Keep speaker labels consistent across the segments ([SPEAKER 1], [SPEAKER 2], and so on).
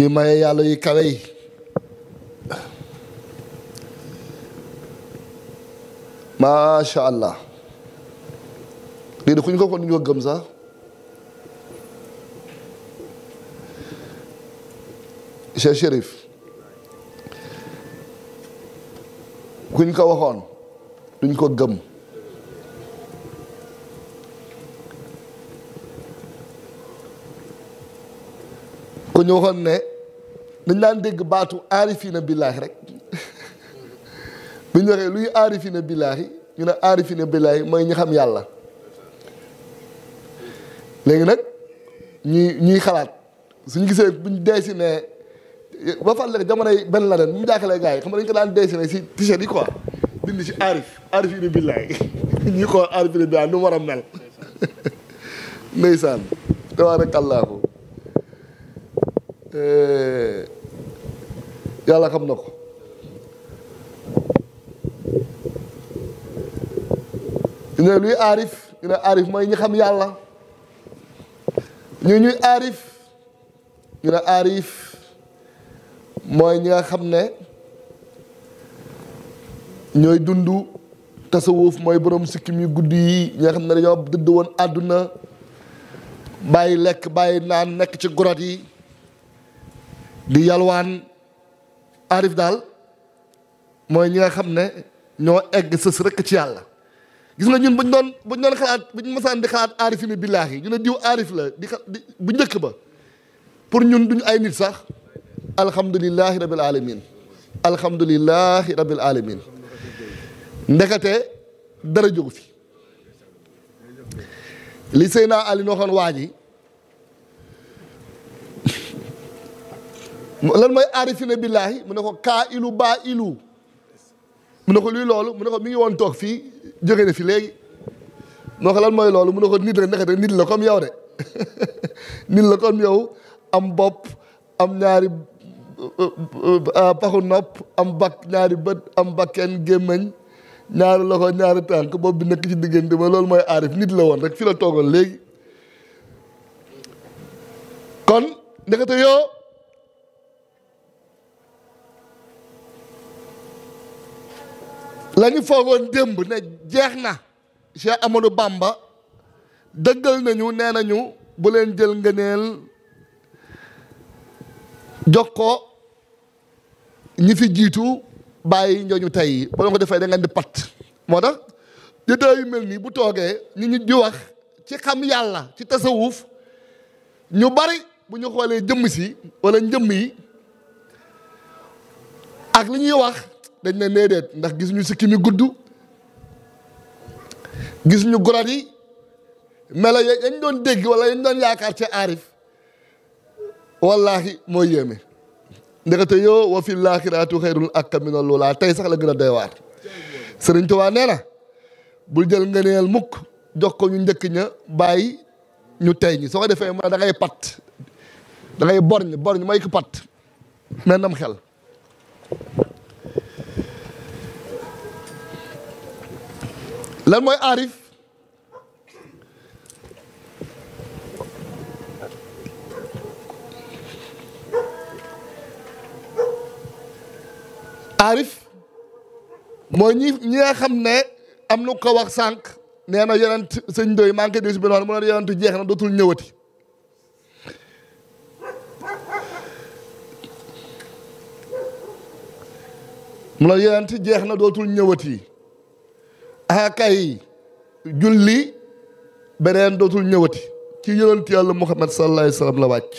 [SPEAKER 1] ci may yàlla yu kawe yi allah lii de ku ñu ko kon ñu ko gëm sax Cheikh Chérif ku ñu ko waxoon duñ ko gëm ku ne dañ daan dégg baatu aarifina billaahi rek bu ñu waxee luy aarifina billaahi ñu ne aarifina billaahi mooy ñi xam yàlla léegi nag ñuy ñuy xalaat suñ gisee buñ deesi ne ba fàttali jamonoy benn la den mu jàkkalee gars yi xam nga dañ ko daan deesi si t-shirt yi quoi dindi si aarif aarifina billaahi ñu ko aarifina billaahi nu mu war a mel ndeysaan tabaaraka allaahu euh, yàlla xam na ko ñu ne luy aarif ñu ne aarif ñi xam yàlla ñu ñuy arif ñu ne aarif mooy ñi nga xam ne ñooy dund tasawuf mooy borom sikkim yu gudd yi ñi nga xam ne dañoo dëdd woon àdduna bàyyi lekk bàyyi naan nekk ci gorot yi di yalwaan aarif dal moy ñi nga xamne ne ñoo egg sës rek ci yàlla gis nga ñun buñ doon buñ doon xalaat buñ masaan di xalaat arif ni billahi ñu ne diw arif la di bu njëkk ba pour ñun duñ ay nit sax alhamdullilah rabbil alamin alhamdullilah rabbil alamin ndekate dara jógu fi li seyna Ali no xon waji lan mooy aarifina billaahi mu ne ko kaa ilu baa ilu mu ne ko luy loolu mu ne ko mi ngi woon toog fii jóge na fi léegi moo ko lan mooy loolu mu ne ko nit rek nekk nit la comme yow de nit la comme yow am bopp am ñaari euh, euh, paxu nopp am bakk ñaari bët am bakken gémmañ ñaari loxo ñaari tànk bopp bi nekk ci diggante mooy lool mooy aarif nit la woon rek fi la toogoon léegi kon ndekete yoo lañu foogoon démb ne jeex na Cheikh Amadou bàmba dëggal nañu nee nañu bu leen jël ngëneel jox ñi fi jiitu bàyyi ñooñu tey ba nga ko defee da ngeen di pat moo tax jotaay yu mel nii bu toogee ñu ñu di wax ci xam yàlla ci tasawuf ñu bari bu ñu xoolee jëmm si wala njëmm yi ak li ñuy wax dañ ne néedéet ndax gis ñu sikki mi gudd gis ñu gorat yi melo yañ doon dégg wala yañ doon yaakaar ci aarif wallaahi mooy yéeme ndekete yoo wa fi laaxiraatu xayrul ak minal luulaa tey sax la gën a doy waar sëriñ Tuubaa nee na bul jël ngëneel mukk jox ko ñu njëkk ña bàyyi ñu tey ñi soo ko defee ma da ngay pat da ngay borñ borñ may pat mel nam xel lan mooy aarif aarif mooy ñi ñi nga xam ne am na ko wax sànq nee na yonent sëñ doy maa ngi koy déglu si mu ne yonent jeex na dootul ñëwati mu ne yonent jeex na dootul ñëwati. ah kay julli beneen dootul ñëwati ci yonent yàlla muhammad sallallahu alayhi wa la wàcc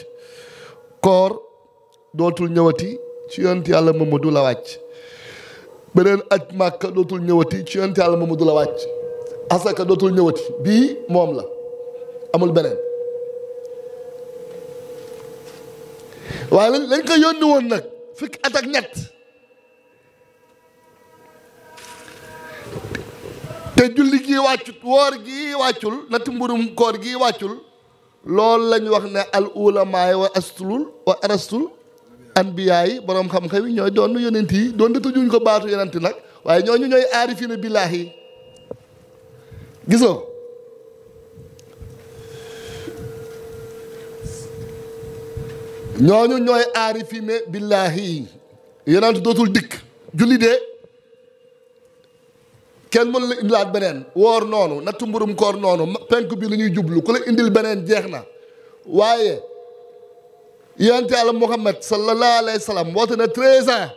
[SPEAKER 1] koor dootul ñëwati ci yonent yàlla Mamadu la wàcc beneen ak màkka dootul ñëwati ci yonent yàlla Mamadu la wàcc asaka dootul ñëwati bii moom la amul beneen waaye lañ ko yónni nag fukki at ak ñett te julli gi wàccut woor gi wàccul nati mburum koor gi wàccul loolu lañ wax ne al ulamaay wa astulul wa arastul anbiyaa boroom xam-xam yi ñooy doon yonent yi doon data ko baatu yonent nag waaye ñooñu ñooy aarifina billaahi gisoo ñooñu ñooy aarifine billaahi yonent dootul dikk julli de كان مول لا اندلات بنين وور نونو ناتو مبروم كور نونو بنك بي لا نيو جوبلو كولا انديل بنين جيخنا واي يانتي الله محمد صلى الله عليه وسلم واتنا 13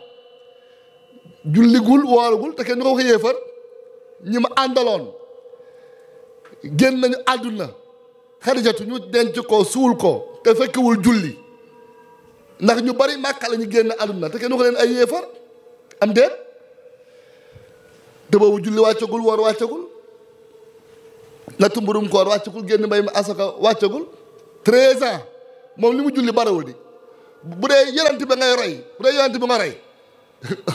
[SPEAKER 1] جولي غول وارو غول تكن نوكو ييفر نيما اندالون ген نانيو ادونا خديجه نيو دنت كو سول كو تفك وول جولي ناخ نيو بري مكه لا نيو ген ادونا تكن نوكو لين اي ييفر ام دير te boobu julli wàccagul woor wàccagul natt mburum koor wàccagul génn mbay mi asaka wàccagul treize ans moom li mu julli barawul di bu dee yonent be ngay roy bu dee yonent bi nga roy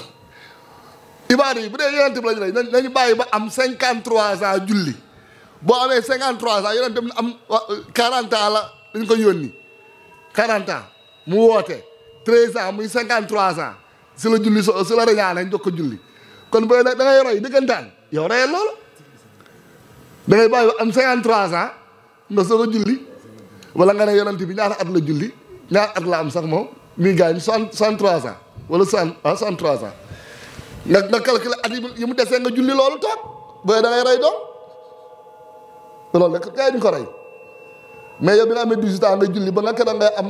[SPEAKER 1] ibaadu yi bu dee yonent bi lañ roy nañu bàyyi ba am cinquante trois ans julli boo amee cinquante trois ans yonent bi am quarante ans la dañ ko yónni quarante ans mu woote treize ans muy cinquante trois ans si la julli so si la reñaa nañ jox ko julli kon boy da ngay roy dëggantaan yow ray lol da ngay bàyyi am 53 ans nga so julli wala nga ne yonent bi ñaar at la julli ñaar at la am sax moom mi gañ 63 ans wala 60 ah 63 ans nak nak calculer at yi mu desee nga julli lol tok boy da ngay rey do lol nak gaa ñu ko rey mais yow bi nga amee 18 ans nga julli ba naka da ngay am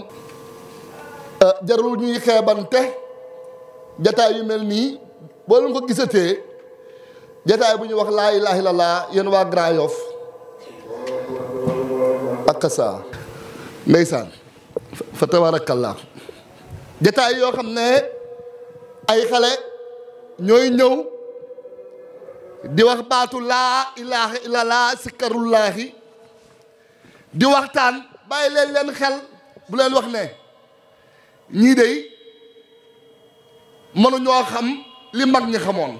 [SPEAKER 1] euh jarul ñuy xébanté jataay yu mel nii. boo leen ko gisatee jataay bu ñu wax laa la illallah yéen waa Grand Yoff ak saa ndeysaan fa tabarakallah jataay yoo xam ne ay xale ñooy ñëw di wax baatu laa la illallah sikkarullaahi di waxtaan bàyyi leen leen xel bu leen wax ne ñii dey mënuñoo xam li mag ñi xamoon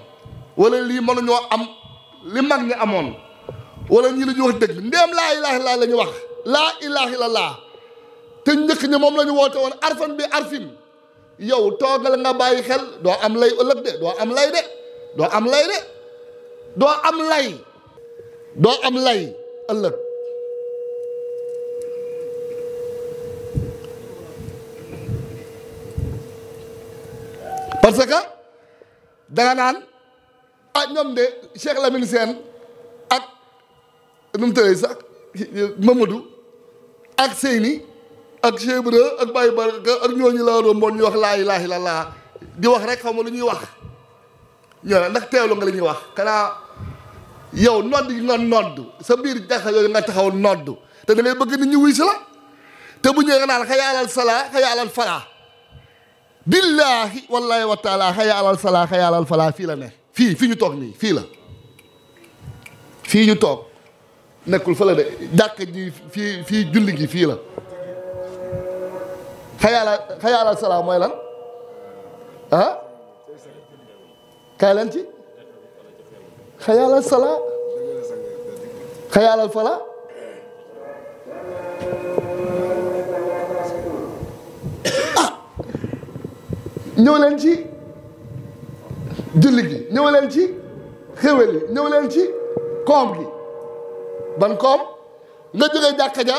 [SPEAKER 1] wala lii mënuñoo am li mag ñi amoon wala ñii li ñu wax dëgg ndéem laa ilaaha illallaa la ñu wax laa ilaaha illallaa te njëkk ñi moom la woote woon arfan bi arfin yow toogal nga bàyyi xel doo am lay ëllëg de doo am lay de doo am lay de doo am lay ëllëg danga naan ah ñoom de Cheikh Lamine Sène ak nu mu tëddee sax Mamadou ak Seyni ak Cheikh Ibrahima ak Baye Baraka ak ñooñu la doon bon ñu wax laa la laa di wax rek xaw ma lu ñuy wax ñoo ndax teewlu nga li ñuy wax xanaa yow nodd gi nga nodd sa biir jàkka yooyu nga taxaw nodd te da bëgg nit ñi wuy si la te bu ñëwee nga naan xayaalal salaa xayaalal falaa بالله والله وتعالى خي على الصلاة خي على الفلاة في لنا في في نتوق ني في لا في نتوق نقول فلا دك دي في في جلجي في لا خي على خي على الصلاة ما يلا ها خي على انتي على الصلاة خي على الفلاة ñëw leen ci julli gi ñëw leen ci xéwal yi ñëw leen ci koom gi ban koom nga jógee jàkka ja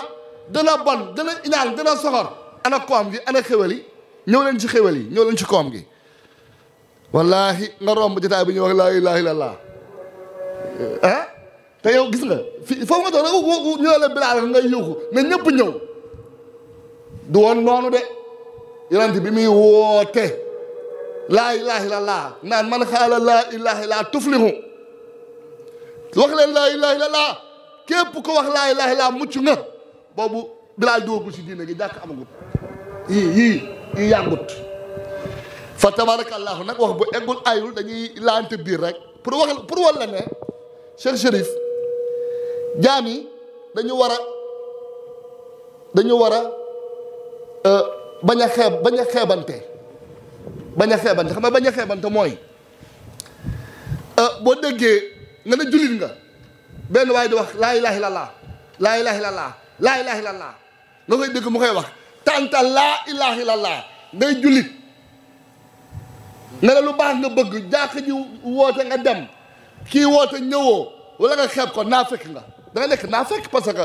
[SPEAKER 1] dana bon dana inaal dana soxor ana koom gi ana xéwal yi ñëw leen ci xéwal yi ñëw leen ci koom gi wallahi nga romb jotaay bi ñu wax laa ilaha illallah ah te yow gis nga fii foofu nga doon ñu ne la bilaal nga yuuxu ne ñëpp ñëw du woon noonu de yonent bi muy woote laa ilaha illallah naan man xaala laa ilaha illallah tuflihu wax leen laa ilaha illallah képp ko wax laa ilaha illallah mucc nga boobu bilaal doogu ci diina gi jàkk amagut yii yii yii yàngut fa tabarakallahu nag wax bu eggul ayul dañuy laante biir rek pour wax pour wal la ne Cheikh Chérif jaam yi dañu war a dañu war a euh, bañ a xeeb bañ xeebante bañ a xeebante xam nga bañ a xeebante mooy euh, boo déggee nga ne jullit nga benn waaye di wax laa ilaaha illallaah laa ilaaha illallaah laa ilaaha illallaah nga koy dégg mu koy wax tànta laa ilaaha illallaah ngay jullit nga ne lu baax nga bëgg jàkk ji woote nga dem kii woote ñëwoo wala nga xeeb ko naa fekk nga da nekk naa fekk parce que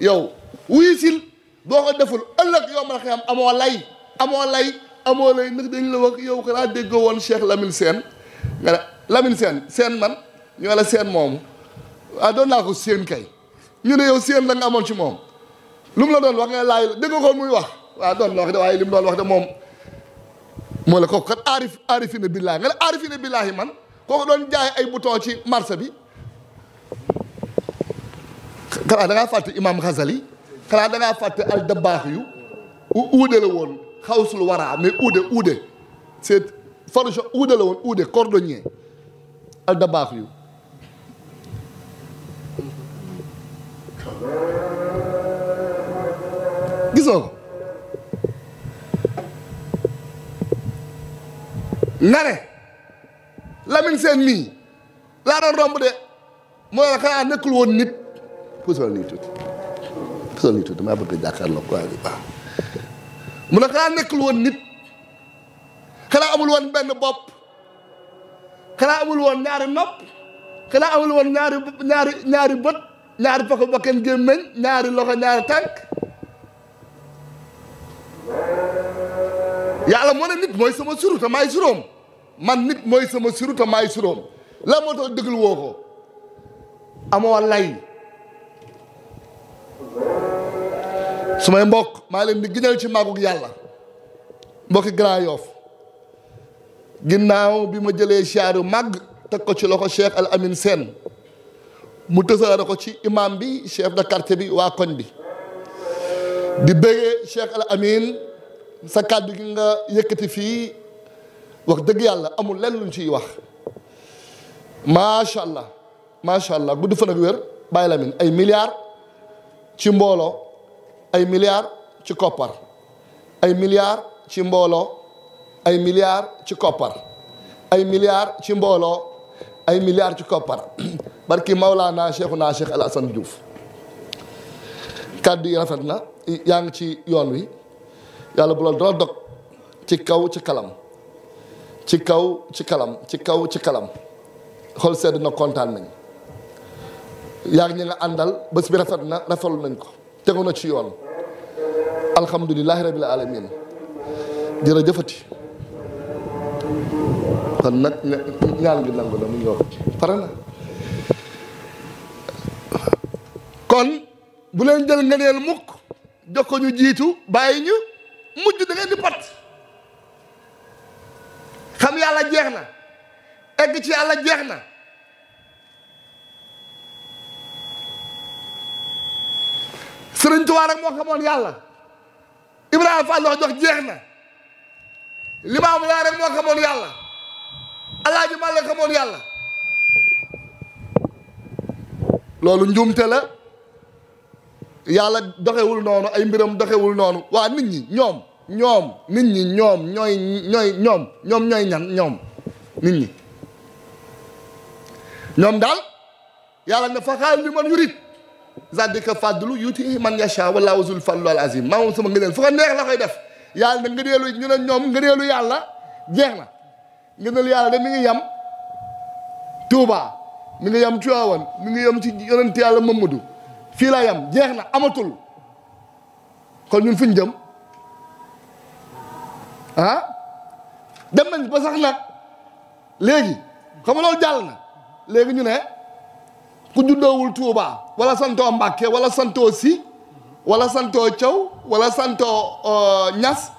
[SPEAKER 1] yow wuyu sil boo ko deful ëllëg yow mën a amoo lay amoo lay amoo lay nag dañ la wax yow xanaa déggoo woon Cheikh Lamine Sène nga ne Lamine Sène Sène man ñu ne la Sène moomu ah doon naa ko Sène kay ñu ne yow Sène la nga amoon ci moom lu mu la doon wax nga laay dégg ko muy wax waaw doon la wax de waaye li mu wax de moom moo la kooku kat aarif aarifina billaahi nga ne aarifina billaahi man kooku doon jaay ay bouton ci marché bi xanaa da ngaa fàtte Imam Ghazali xanaa da fàtte al dabaax yu uude la woon xawsul waraa mais uude uude c'est forge uude la woon uude cordonnier al da baax yu gisoo ko nare Lamine Sène mii laa doon romb de moo la xanaa nekkul woon nit puusal nii tuuti puusal nii tuuti maa bëgg a jàkkaarloo baax mu ne xanaa nekkul woon nit xanaa amul woon benn bopp xanaa amul woon ñaari nopp xanaa amul woon ñaari ñaari ñaari bët ñaari pako bakkan gémmeñ ñaari loxo ñaari tànk yàlla moo ne nit mooy sama suru te maay suróom man nit mooy sama suru te maay suróom la moo tax dëggal woo ko amoo sumay mbokk maa leen di giñal ci màggug yàlla mbokki Grand Yoff ginnaaw bi ma jëlee siyaaru màgg teg ko ci loxo Cheikh Al Amin Sène mu tësaare ko ci imam bi chef de quartier bi waa koñ bi di bëggee Cheikh Al Amin sa kàddu gi nga yëkkati fii wax dëgg yàlla amul lenn luñ ciy wax macha allah macha allah gudd fan ak wér bàyyi la ay milliards ci mbooloo ay milliards ci koppar ay milliards ci mbooloo ay milliards ci koppar ay milliards ci mbooloo ay milliards ci koppar barki Maulana Cheikhuna Cheikh Al Hassan Diouf kàddu yi rafet na yaa ngi ci yoon wi yàlla bu loolu dara dog ci kaw ci kalam ci kaw ci kalam ci kaw ci kalam xool sedd na kontaan nañ yaa ngi ñi nga àndal bés bi rafet na rafetlu nañ ko tegu na ci yoon alhamdulilahi rabil alamin jërëjëfati kon nag ñaan kon bu leen jël ngeneel mukk jox jiitu bàyyi ñu mujj da di pat xam yàlla jeex na egg ci yàlla jeex na sëriñ Tuubaa rek moo xamoon yàlla Ibrahima Fall wax jox jeex na Limaamu Laay rek moo xamoon yàlla Alaaji Maalik xamoon yàlla loolu njuumte la yàlla doxewul noonu ay mbiram doxewul noonu waa nit ñi ñoom ñoom nit ñi ñoom ñooy ñooy ñoom ñoom ñooy ñan ñoom nit ñi ñoom daal yàlla ne faxaal li man yurit c'est-à-dire que fadlu yuti man yasha wallahu zul fadlu al azim maa moom sama ngëneel fu ko neex la koy def yàlla na ngëneelu ñu ne ñoom ngëneelu yàlla jeex na ngëneelu yàlla de mi ngi yem Touba mu ngi yem Tiwaawan mi ngi yem ci yonent yàlla Mamadou fii la yem jeex na amatul kon ñun fu ñu jëm ah dem nañ ba sax nag léegi xam nga loolu jàll na léegi ñu ne ku juddoowul Touba wala santoo Mbàkke wala santoo Si wala santoo cew wala santoo euh, Ñas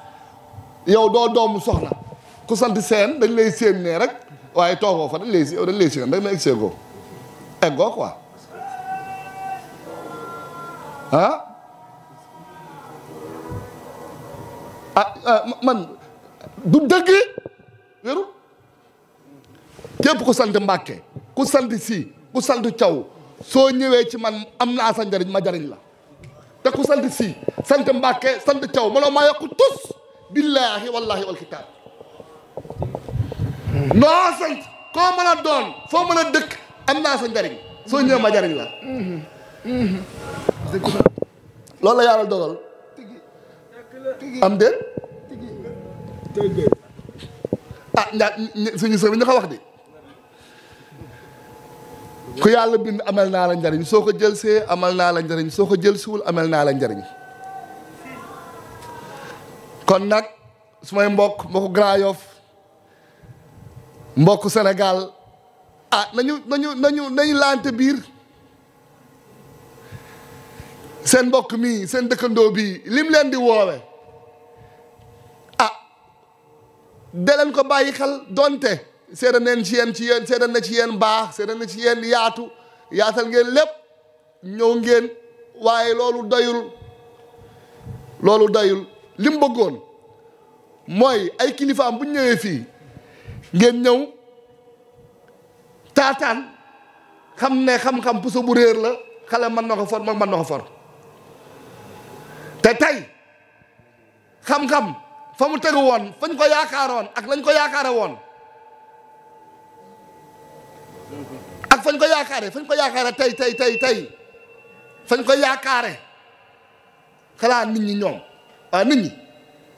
[SPEAKER 1] yow doo doomu soxna ku sant seen dañ lay séen ne rek waaye toogo fa dañ lay dañ lay séen rek na egsee ko eggoo quoi ah, euh, man du dëgg wéru képp ku sant Mbàkke ku sant si ku saldu caw soo ñëwee ci man am naa sa njariñ ma jariñ la te ku sant si sant Mbàkke sant caw mënoo maa yokku tus billaahi wallaahi wal noo sant koo mën a doon foo mën a dëkk am naa sa njariñ soo ñëwee ma jariñ la loolu la yàlla dogal am déet ah ndaa suñu sëriñ ñu ko wax di ku yàlla bind amal naa la njariñ soo ko jëlsee amal naa la njariñ soo ko jëlsiwul amal naa la njariñ kon nag su may mbokk mbokku Grand Yoff mbokku Sénégal ah na nañu na nañu laante biir seen mbokk mii seen dëkkandoo bii lim leen di woowe ah de ko bàyyi xel donte seeda neen ci yéen ci yéen seeda na ci yéen baax seeda na ci yéen yaatu yaatal ngeen lépp ñëw ngeen waaye loolu doyul loolu doyul li bëggoon mooy ay kilifaam bu ñëwee fii ngeen ñëw taataan xam ne xam-xam puso bu réer la xale mën na ko for mag mën na ko for te tey xam-xam fa mu tegu woon fañ ko yaakaaroon ak lañ ko yaakaare woon fañ ko yaakaare fañ ko yaakaare tey tey tey tey fañ ko yaakaare xalaat nit ñi ñoom waaw ah, nit ñi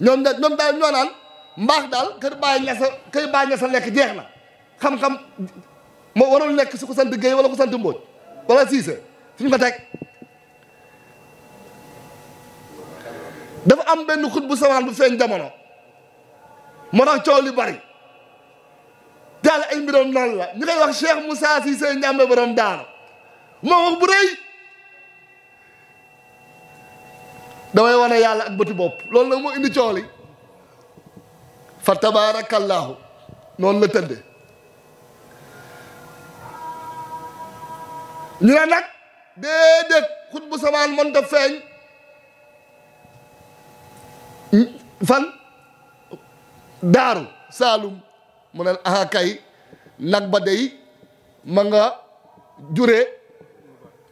[SPEAKER 1] ñoom da ñoom daal ñoo naan mbaax daal kër bàyyi ñasa kër bàyyi ñasa lekk jeex na xam-xam moo warul nekk si ko sant Guèye wala ko sant Mbodj wala Cissé suñ ko teg dafa am benn xut bu sawaan bu feeñ jamono moo tax coow li bari daal ay mbiram noonu la ñu koy wax Cheikh Moussa Cissé Ndiambe borom daanu moo wax bu rëy damay wane yàlla ak bëti bopp loolu nag moo indi cool fa tabaarakallaahu noonu la tëdde ñu ne nag déedéet xut bu samaan mën ta feeñ fan daaru saalum mu ne aha nag ba day ma nga jure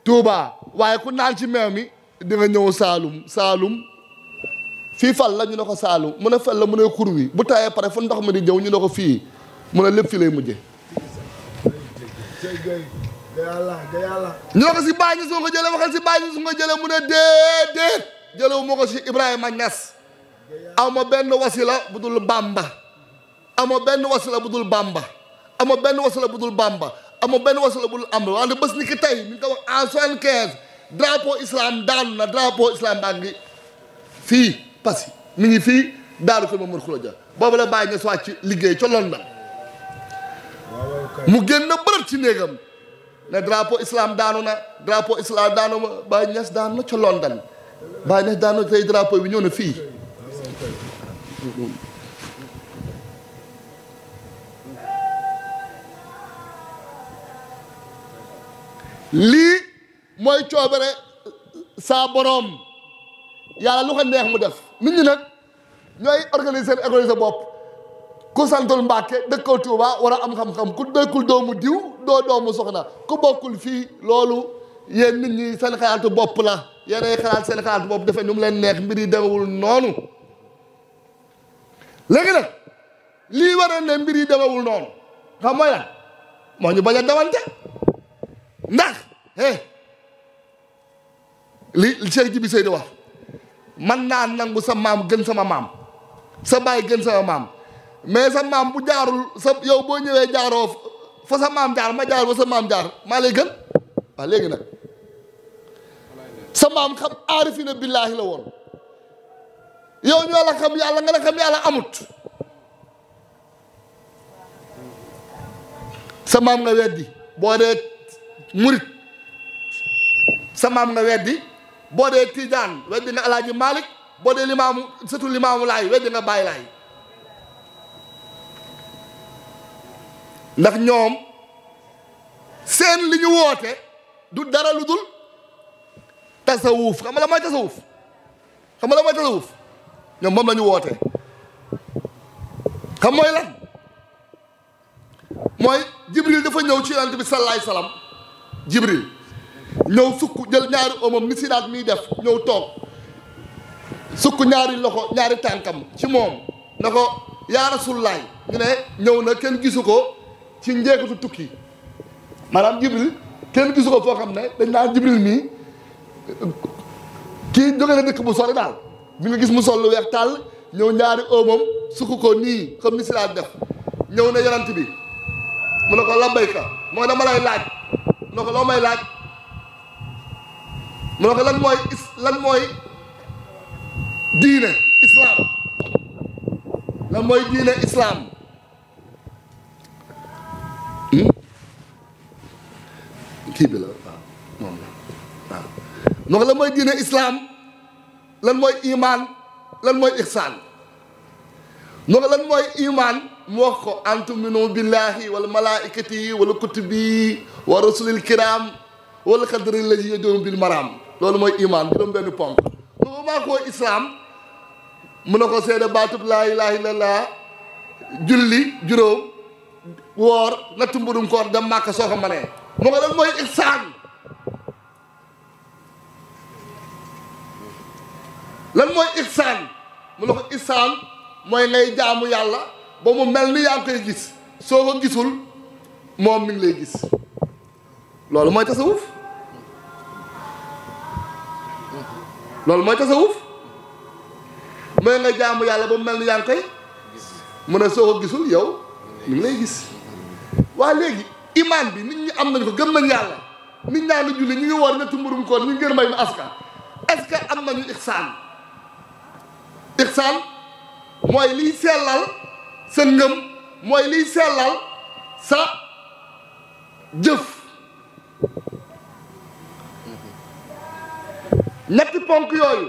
[SPEAKER 1] Touba waaye ku naan ci meew mi di nga ñëw Saalum Saalum fii fal la ñu ne ko Saalum mu ne fel la mu ne kur wi bu tawee pare fu ndox mi di jëw ñu ne ko fii mu ne lépp fii lay mujje ñu ne ko si Baay Ñas nga ko jëlee si Baay Ñas nga ko mu ne déedéet jëlewu ma ko si Ibrahima Ñas aw ma benn wasila bu dul Bàmba amoo benn wasila bu dul bamba amoo benn wasila bu dul bamba amoo benn wasila bu dul am wante bés ni ki tey ñu ngi ko wax en soixante-quinze drapeau islam daanu na drapeau islam baa ngi fii Passy mi ngi fii Daaru Kër Momar Khourédia boobu la bàyyi ñes wàcc liggéey ca London mu génn bërët ci néegam ne drapeau islam daanu na drapeau islam daanu ma bàyyi ñes daanu na ca London bàyyi ñes daanu tey drapeau bi ñëw na fii lii mooy coobare saa boroom yàlla lu ko neex mu def nit ñi nag ñooy organiser organiser bopp ku santul Mbàkke dëkkal Tuuba war a am xam-xam ku dëkkul doomu diw doo doomu soxna ku bokkul fii loolu yéen nit ñi seen xalaatu bopp la yéenay xalaat seen xalaatu bopp defee nu mu leen neex mbir yi demewul noonu léegi nag lii waroon ne mbir yi demewul noonu xam mooy lan moo ñu bañ a dawante ndax eh li Cheikh Jibi Sey di wax man naa nangu sa maam gën sama maam sa baay gën sama maam mais sa maam bu jaarul sa yow boo ñëwee jaaroo fa sa maam jaar ma jaar fa jaar maa lay léegi nag sa maam xam aarifina billaahi la woon yow ñoo la xam yàlla nga la xam yàlla amut sa maam nga weddi boo murit sa maam nga weddi boo dee tiijaan weddi nga alaaji Malick boo dee limaamu sëtu limaamu laay weddi nga bàyyi laay ndax ñoom seen li ñu woote du dara lu dul tasawuf xam nga la mooy tasawuf xam nga la ñoom moom la woote xam mooy lan mooy jibril dafa ñëw ci yonent bi sallallahu alayhi wasallam jibril ñëw sukk jël ñaari omam ni siraat miy def ñëw toog sukk ñaari loxo ñaari tànkam ci moom na ko yaa rasulaay ñu ne ñëw na kenn gisu ko ci njeekatu tukki maanaam jibril kenn gisu ko foo xam ne dañ naan jibril mii kii jóge na dëkk bu sori daal bi nga gis mu sol lu weex tàll ñëw ñaari omam sukk ko nii comme ni siraat def ñëw na yonant bi mu ne ko labbayka mooy dama lay laaj นกลไม่รักนกลันมวยลันมวยดีเนี่ยอิสลามลันมวยดีเนี่ยอิสลามอืมที่เลยนกลันมวยดีเนี่ยอิสลามลันมวยอีมานลันมวยอิสานนกลันมวยอีมาน mu wax ko antuminu billahi wala malaikati wala kutubi wa rasulil kiram wala xadri la ji yëjoom bil maram loolu mooy iman juróom benn ponk mu ba maa koo mu ne seede baatub laa ilaha illallah julli juróom woor natt mburum koor dem màkk soo ko manee mu ko lan mooy ihsaan lan mooy ihsaan mu ne ko mooy ngay jaamu yàlla ba mu mel ni yaa ngi koy gis soo ko gisul moom mi ngi lay gis loolu mooy tasawuf loolu mooy tasawuf mooy nga jaamu yàlla ba mu mel ni yaa ngi koy mu ne soo ko gisul yow mi ngi lay gis waa léegi imaan bi nit ñi am nañ ko gëm nañ yàlla nit ñaa ngi julli ñu ngi woor ñetti mburum koor ñu ngi gën may ma aska est-ce que am nañu ixsaan ixsaan mooy liy sellal sa ngëm mooy liy sellal sa jëf ñetti ponk yooyu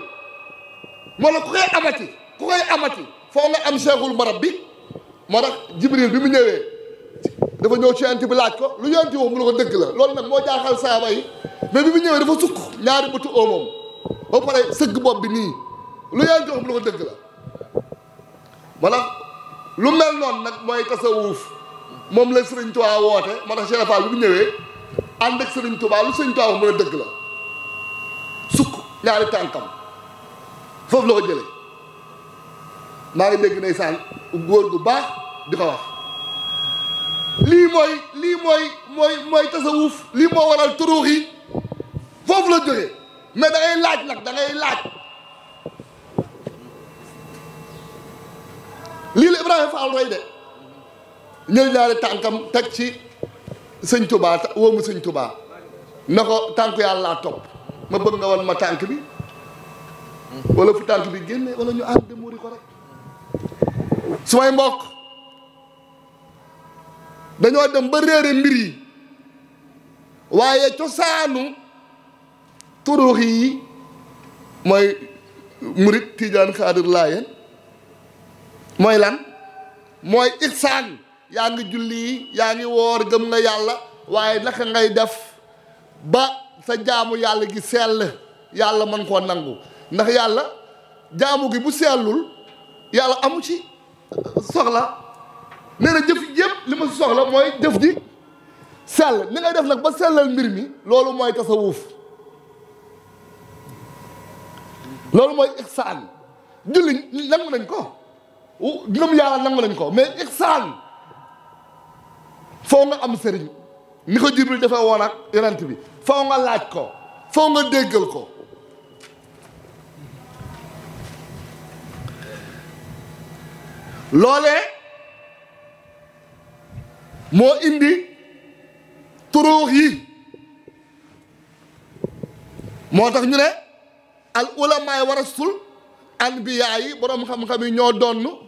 [SPEAKER 1] moo la ku koy amati ku koy amati foo nga am seexul marab bi moo tax jibril bi mu ñëwee dafa ñëw ci yonent bi laaj ko lu yonent wax mu ne ko dëgg la loolu nag moo jaaxal saaba yi bi mu ñëwee dafa sukk ñaari bëtu oomam ba pare sëgg bopp bi nii lu yonent wax mu ne ko dëgg la moo tax lu mel noon nag mooy tasawuuf moom la Sëriñ Tuubaa woote moo tax Cheikh Fall bi ñëwee ànd ak Sëriñ Tuubaa lu Sëriñ Tuubaa mën a dëgg la sukk ñaari tànkam foofu la ko jëlee maa ngi dégg ndeysaan góor gu baax di ko wax lii mooy lii mooy mooy mooy tasawuuf lii moo waral turuux yi foofu la jógee mais da laaj nag da laaj Ibrahima Fall roy de ñëw ñaari tànkam teg ci sëñ tubaa wóomu sëñ tubaa na ko tànk yàlla topp ma bëgg nga wan ma tànk bi wala fu tànk bi génne wala ñu ànd demuri ko rek su may mbokk dañoo dem ba réere mbir yi waaye cosaanu turuux yi mooy murit tiijaan xaadir laayeen mooy lan moy ihsan yang ngi julli yaa ngi woor gëm nga yàlla waaye ngay def ba sa jaamu yalla gi sel yalla man ko nangu ndax yalla jaamu gi bu selul yalla amu ci soxla neena na jëf yëpp li soxla moy def di sel ni ngay def nak ba selal mbir mi loolu moy tasawuf loolu moy iksan, julli nangu nañ ko gëm yàlla nangu lañ ko mais ixsaan foo nga am sëriñ ni ko jibril dafa woon ak yonent bi foo nga laaj ko foo nga déggal ko loolee moo indi turuux yi moo tax ñu ne al ulamaay warasul anbiyaa yi boroom xam-xam yi ñoo donn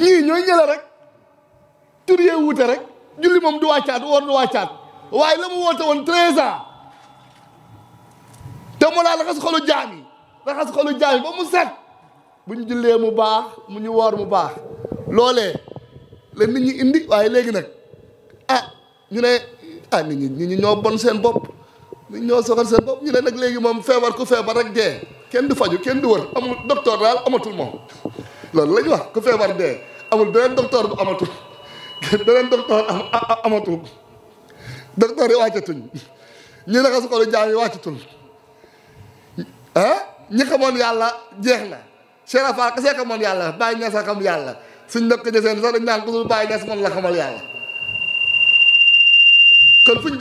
[SPEAKER 1] ñii ñooy ñële rek tur yee wuute rek julli moom di wàccaat woor du wàccaat waaye la mu woote woon treize ans te mu laa raxas xolu jaam yi raxas xolu jaam yi ba mu set bu ñu jullee mu baax mu ñu woor mu baax loolee la nit ñu indi waaye léegi nag ah ñu ne ah nit ñi ñi ñoo bon seen bopp nit soxal seen bopp ñu ne nag léegi moom feebar ku feebar rek jee kenn du faju kenn di wër amul docteur daal amatul moo loolu la ñu wax ku feebar dee amul beneen docteur bu amatul beneen docteur am amatul docteur yi wàccatuñ ñi raxas ko lu jaam yi wàccatul ah ñi xamoon yàlla jeex na Cheikh Afar kese xamoon yàlla bàyyi ñees a xam yàlla suñ ndokk jëseen sax dañ naan ku dul bàyyi ñees man la xamal yàlla kon fuñ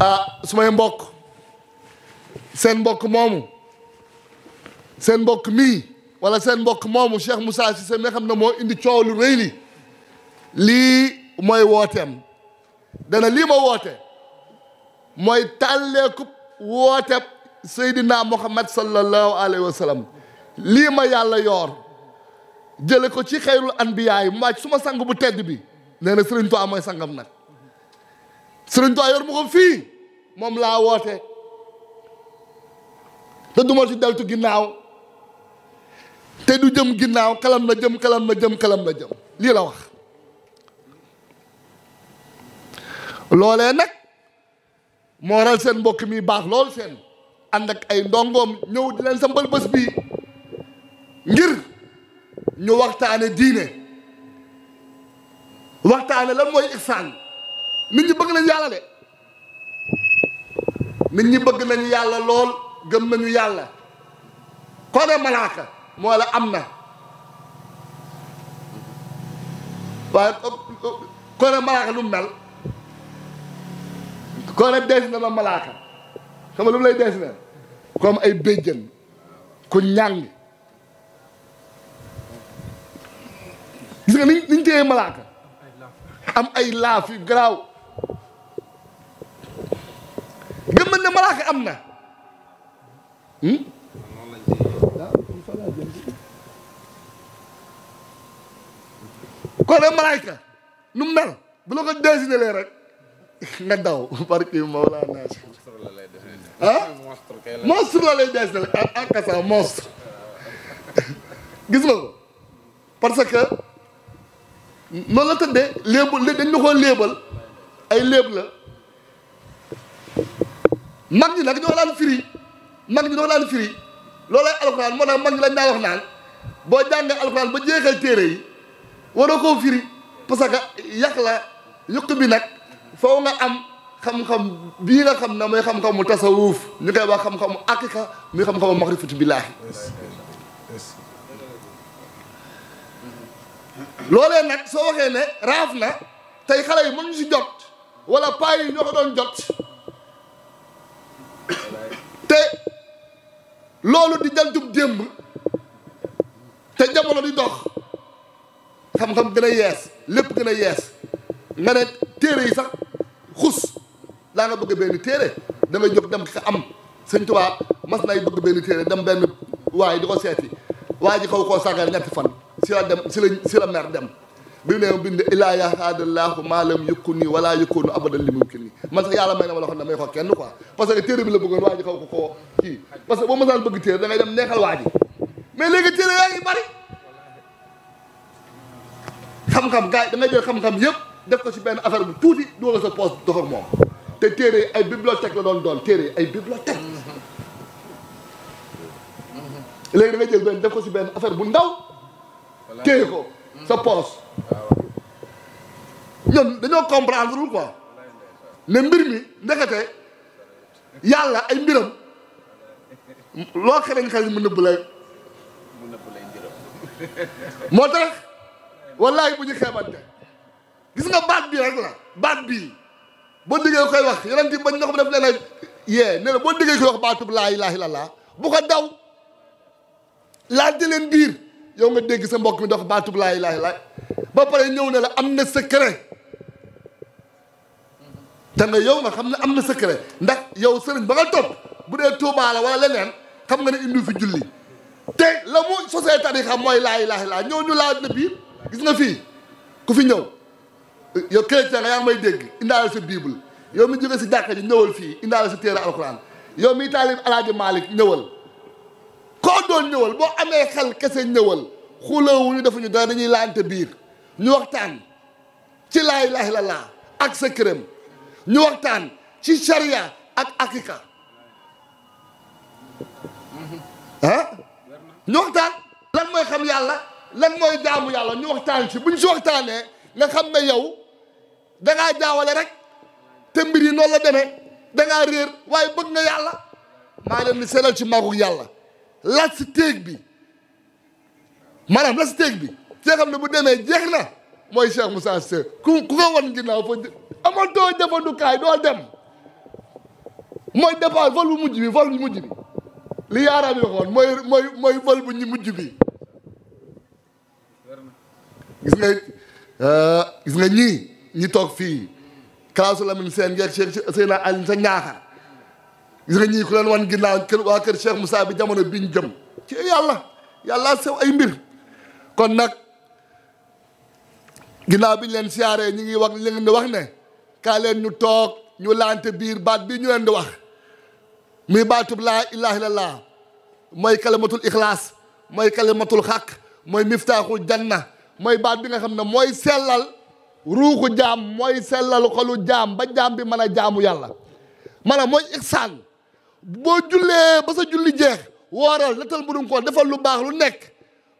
[SPEAKER 1] ah su may mbokk seen mbokk moomu seen mbokk mii walla seen mbokk moomu Cheikh Moussa Cissé mi nga xam na moo indi coow lu rëy li lii mooy wooteem dana lii ma woote mooy tàlleeku woote Seydina Muhammad sallallahu alayhi wa sallam lii ma yàlla yoor jële ko ci xeyrul anbiyaay mu wàcc su ma sang bu tedd bi nee na Sëriñ Tuubaa mooy sangam nag sëriñ Tuubaa yor mu ko fii moom laa woote te duma ma ci deltu ginnaaw te du jëm ginnaaw kalam la jëm kalam la jëm kalam la jëm lii la wax loole nag moo waral seen mbokk mi baax lool seen ànd ak ay ndongoom ñëw di leen sambal bés bii ngir ñu waxtaane diine waxtaane lan mooy ihsaan nit ñi bëgg nañ yàlla nit ñi bëgg nañ yàlla lool gëm nañu yàlla koo ne malaaka moo la am na waaye koo ne malaaka lu mel koo dees na la malaaka xam ay béjjën ku ñàng gis nga niñ niñ téye malaaka am ay laaf yu garaaw nañ ne malaaka am na hmm? kon nag malaayka nu mu mel bu la ko désigné rek nga ah? monstre la lay désigné ak akasa monstre gis nga parce que noonu la tëddee léebal dañ la ko léebal ay léeb mag ñi nag ñoo daan firi mag ñi ñoo daan firi loolay alxuraan moo tax mag ñi lañ daan wax naan boo jàngee alxuraan ba jeexal téere yi waroo koo firi parce que yàq la bi nag foo nga am xam-xam bii nga xam ne mooy xam-xamu tasawuf ñu koy wax xam-xamu akika muy xam-xamu maxrifatu billaahi loolee nag soo waxee ne raaf na tey xale yi mënuñu si jot wala paa yi ñoo ko doon jot te loolu di jantub démb te jamono di dox xam-xam gën a yees lépp gën a yees nga ne téere yi sax xus daa nga bëgg benn téere da nga jóg dem ka am sëñ Tuubaa mas nay bëgg benn téere dem benn waaye di ko seeti waaye ji kaw koo sàggar ñetti fan si la dem si la si la dem bi ne bind ilaa ya haadallaahu maa lam yëkkun nii wala yëkkoonu abadan li mumkin nii man sax yàlla may na ma loo xam ne may ko kenn quoi parce que téere bi la bëggoon waa ji xaw ko koo kii parce que boo mësaan bëgg téere da ngay dem neexal waa ji mais léegi téere yaa ngi bari xam-xam gars da ngay jël xam-xam yëpp def ko ci benn affaire bu tuuti dugal sa poste dox ak moom te téere ay bibliothèque la doon doon téere ay bibliothèque léegi da ngay jël benn def ko ci benn affaire bu ndaw téye ko sa poste ñoom dañoo comprendre lu quoi ne mbir mi ndekete yàlla ay mbiram loo xereñ xereñ mu nëbb lay moo tax wallaay bu ñu xeebante gis nga baat bii rek la baat bii boo déggee koy wax yeneen ti bañ na ko def leneen yee nee na boo déggee koy wax baatub laa la illallaah bu ko daw laajte leen biir yow nga dégg sa mbokk mi dafa baatub laa ilaaha illallaah ba pare ñëw ne la am na secret te nga yow nga xam ne am na secret ndax yow sëriñ ba nga topp bu dee Tuubaa la wala leneen xam nga ne indi fi julli te la mu sosee tarixa mooy laa ilaaha illallaah ñëw ñu laaj na biir gis nga fii ku fi ñëw yow chrétien nga yaa ngi may dégg indaale sa bible yow mi jóge si jàkka ji ñëwal fii indaale sa téere alquran yow mi taalib alaaji Malick ñëwal koo doon ñëwal boo amee xel kese ñëwal xulawuñu defuñu dara dañuy laante biir ñu waxtaan ci laa ilaaha illallaah ak sa këram ñu waxtaan ci sharia ak akika ah ñu waxtaan lan mooy xam yàlla lan mooy jaamu yàlla ñu waxtaan ci buñ si waxtaanee nga xam ne yow dangaa jaawale rek te mbir yi noonu la demee dangaa réer waaye bëgg nga yàlla maa leen ni seelal ci magu yàlla laaj si téeg bi maanaam laaj si bi ci xam ne bu demee jeex na mooy Cheikh Moussa Cissé ku ku ko wan ginnaaw fa amatoo jëfandukaay doo dem mooy départ vol bu mujj bi vol bu mujj bi li yaaraam mooy vol bu ñu mujj bi gis nga euh, gis nga ñii ñi toog fii kalaasu Lamine seen ngeeg Cheikh Seydina Alioune sa ñaaxar gis nga ñii ku leen wan ginnaaw kër waa kër Cheikh musa bi jamono bi ñu jëm ci yàlla yàlla sew ay mbir kon nag ginnaaw bi ñu leen siyaaree ñu ngi wax li ngeen di wax ne kaa ñu toog ñu laante biir baat bii ñu leen di wax muy baatub laa ilaha illallah mooy kalimatul ixlaas mooy kalimatul xaq mooy miftaaxul janna mooy baat bi nga xam ne mooy sellal ruuxu jaam mooy sellal xolu jaam ba jaam bi mën a jaamu yàlla maanaam mooy ixsaan boo jullee ba sa julli jeex wooral nettal bu dum ko defal lu baax lu nekk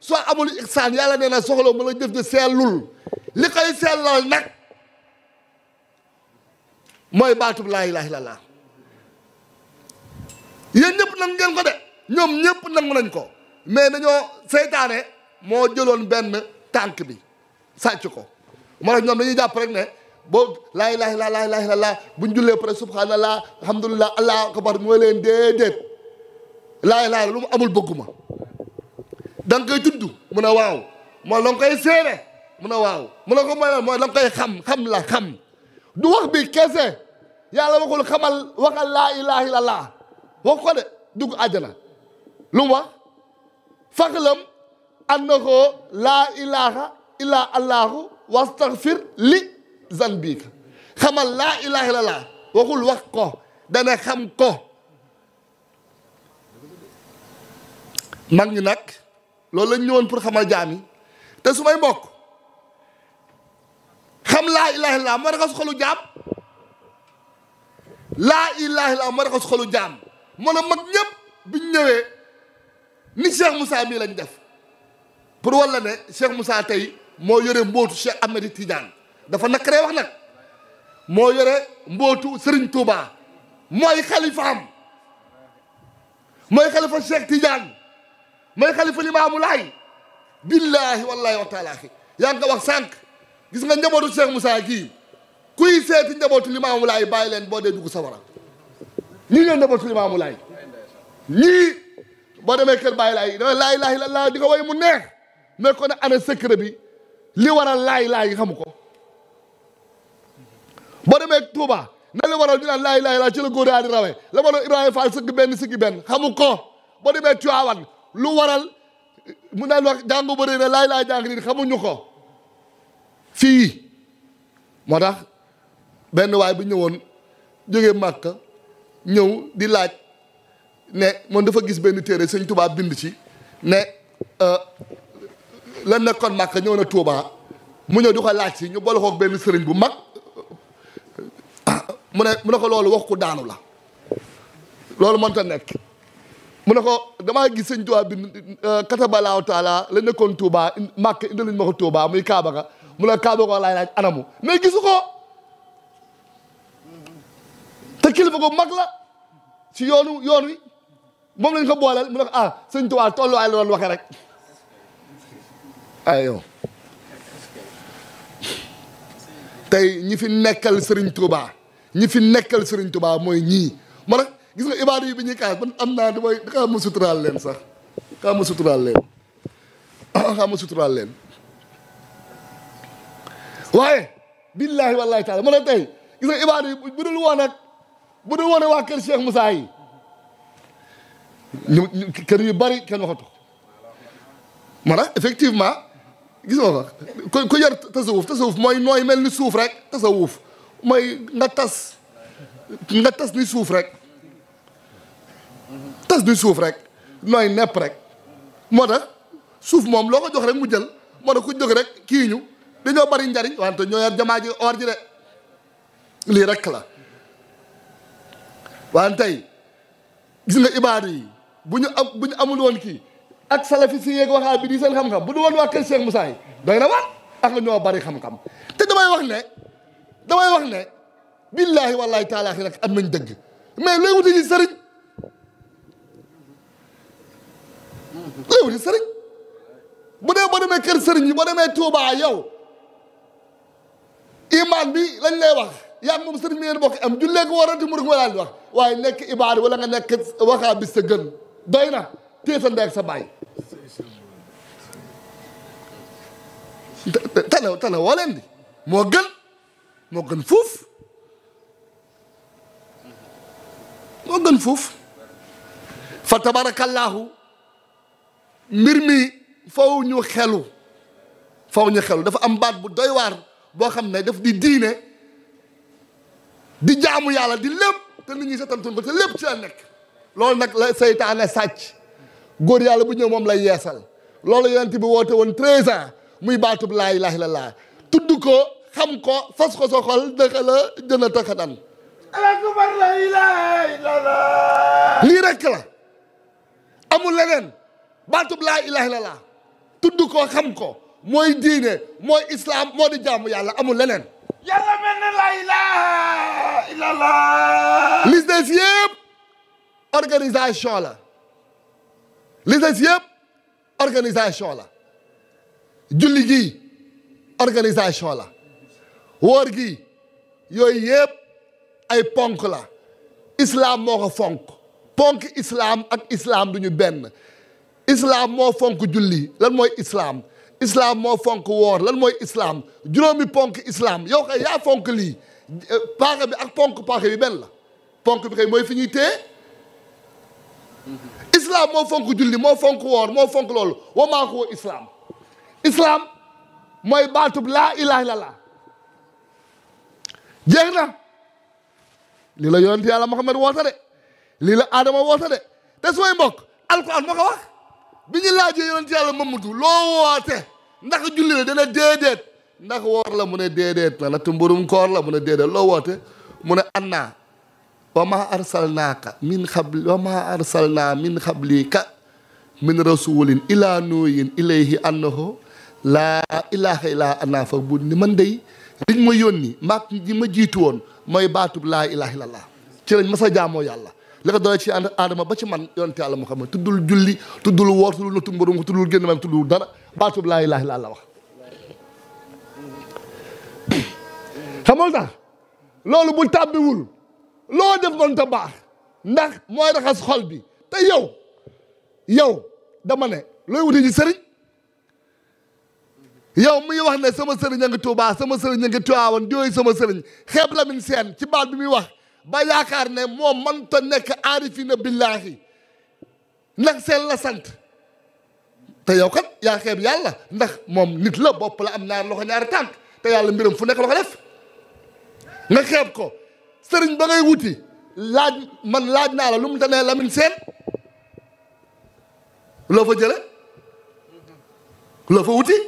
[SPEAKER 1] soo amul ixsaan yàlla nee na soxla mu la jëf ji seelul li koy seelal nag mooy baatub laa la illallah yéen ñëpp nangu ngeen ko de ñoom ñëpp nangu nañ ko mais dañoo seytaane moo jëloon benn tànk bi sàcc ko moo tax ñoom dañuy jàpp rek ne boo laa ilaaha illallaah laa ilaaha illallaah bu ñu jullee pare subhaanallah alhamdulilah allahu akbar mooy lu mu amul bëgguma da koy tudd mu ne waaw mooy la nga koy seere mu ne waaw mu ne ko koy xam xam la xam du wax bi kese yàlla waxul xamal waxal laa ilaaha illallaah wax ko de dugg àjjana lu mu wax faxlam annahoo laa ilaaha illaa allaahu wastaghfir li zanbik xamal laa la laa waxul wax ko dana xam ko mag ñi nag loolu lañ ñëwoon pour xamal jaam yi te su may mbokk xam laa ilaha illallah moo raxas xolu jaam laa ilaha illallah moo raxas xolu jaam moo na mag ñëpp ñu ñëwee ni Cheikh Moussa mii lañ def pour la ne Cheikh Moussa tey moo yore mbootu Cheikh Amady Tidiane dafa nakkaree wax nag moo yore mbootu sëriñ Touba mooy xalifaam mooy xalifa Cheikh Tidiane mooy xalifa Limaamu Laay billaahi wallaahi wa taalaahi yaa ngi ko wax sànq gis nga njabootu Cheikh Moussa gii kuy seeti njabootu Limaamu Laay bàyyi leen boo dee dugg sawara ñii ñoo njabootu Limaamu Laay ñii boo demee kër bàyyi laay dama laa ilaaha illallaah di ko way mu neex ko kon ana secret bi li waral laay laay xamu ko boo demee Touba na la waral ñu naan laay laay laa ci la góor yaa di rawee la waral Ibrahima Fall sëgg benn sëgg benn xamu ko boo demee Tiwaawan lu waral mu naan wax jàngu bëri na laay laay jàng nii xamuñu ko fii moo tax benn waay bu ñëwoon jógee Màkka ñëw di laaj ne moom dafa gis benn téere sëñ Touba bind ci ne euh, la nekkoon Màkka ñëw na Touba mu ñëw di ko laaj ci ñu boole koog benn sëriñ bu mag mu ne mu ne ko loolu wax daanu la loolu mënta nekk mu ne ko damaa gis sëñ Tuubaa bi euh, katabalaaw taala la nekkoon Touba màkk indi lañ ma ko Touba muy Kaaba ga mu ne Kaaba ko laay laaj anamu mais gisu ko te kilifa ko mag la si yoonu yoon wi moom lañ ko booleel mu ne ko ah sëñ Tuubaa tollu ay la doon waxee rek ay tey ñi fi nekkal sëriñ Touba ñi fi nekkal Serigne Touba mooy ñii ma nag gis nga ibaada yi bi ñuy kaas man am naa damay xaa ma suturaal leen sax xaa ma suturaal leen xaa ma suturaal leen waaye billaahi wallaahi taala ma tey gis nga ibaada yi bu dul woon ak bu dul woon waa kër Cheikh Moussa yi ñu kër bari kenn waxatu ma gis nga ko mooy nooy mel ni suuf rek tasawuf mooy nga tas nga tas ni suuf rek tas ni suuf rek nooy nepp rek moo tax suuf moom loo ko jox rek mu jël moo tax ku jóg rek kii ñu dañoo bari njariñ wante ñoo yar jamaa lii rek la waan tey gis nga ibaadu yi bu ñu am bu ñu amul woon kii ak salafi si yeeg waxaa bi di seen xam-xam bu du woon waa kër Cheikh Moussa doy na waar ak ñoo bari xam-xam te damay wax ne damay wax ne billaahi wallaahi taalaahi rek am nañ dëgg mais looy wuti ji sëriñ looy wuti sëriñ bu dee boo demee kër sëriñ yi boo demee Touba yow imaan bi lañ lay wax yaa moom sëriñ mi ngeen bokk am jullee ko war a mu ko daal di wax waaye nekk ibaad wala nga nekk waxaa bis sa gën doy na téye sa ndey ak sa baay tane tane woo leen di moo gën moo gën fuuf moo gën fuuf fa tabarakallaahu mbir mi faw ñu xelu faw ñu xelu dafa am baat bu doy waar boo xam ne daf di diine di jaamu yàlla di lépp te nit ñi setantuñ ba te lépp ci la nekk loolu nag la seytaane sàcc góor yàlla bu ñëw moom lay yeesal loolu yonent bi woote woon treize ans muy baatub laa ilaha illallah tudd ko xam ko fas ko sa xol dëkk a tax a daan. alhamdulilah lii rek la amul leneen baatub laa ilaha illallah tudd ko xam ko mooy diine mooy islam moo di jaamu yàlla amul leneen. yàlla mel ne laa ilaha illallah. li organisation la li des la julli organisation la. woor gi yooyu yëpp ay ponk la islaam moo ko fonk ponk islaam ak islaam du benn islaam moo fonk julli lan mooy islaam islaam moo fonk woor lan mooy islaam juróomi ponk islaam yow kay yaa fonk lii paaxe bi ak ponk paaxe bi benn la ponk bi kay mooy fi ñuy téye islaam moo fonk julli moo fonk woor moo fonk loolu wa maa ko islaam islaam mooy baatub laa ilaha illallah jeex na lii la yonent yàlla Muhammad woote de lii la Adama woote de te sumay mbokk alquran moo ko wax bi ñu laajee yonent yàlla Mamadu loo woote ndax julli la dana déedéet ndax woor la mu ne déedéet la natt mburum koor la mu ne déedéet loo woote mu ne anna wa ma arsalnaaka min xabli wa ma arsalna min xablika min rasulin ilaa nuyin ilayhi annahu laa ilaha illa ana fa bu ni man day liñ ma yónni maak ñi ma jiitu woon mooy baatub laa ilaha illallah ci lañ masa jaamoo yàlla li ko doole ci aadama ba ci man yoon yonte yàlla Muhammad tuddul julli tuddul woor tuddul nattu mbarum tuddul génn maam tuddul dara baatub laa ilaha illallah wax xamul tax loolu bu tàbbiwul loo def doon ta baax ndax mooy raxas xol bi te yow yow dama ne looy wuti ji sëriñ yow muy wax ne sama sëriñ a ngi Tuubaa sama sëriñ a ngi Tiwaawan jooyu sama sëriñ xeeb Lamin Seen ci baat bi muy wax ba yaakaar ne moom man ta nekk aarifina billaahi nag seen la sant te yow kat yaa xeeb yàlla ndax moom nit la bopp la am ñaar loxo ñaari tànk te yàlla mbiram fu nekk la ko def nga xeeb ko sëriñ ba ngay wuti laaj man laaj naa la lu mu danee Lamin Seen loo fa jële loo fa wuti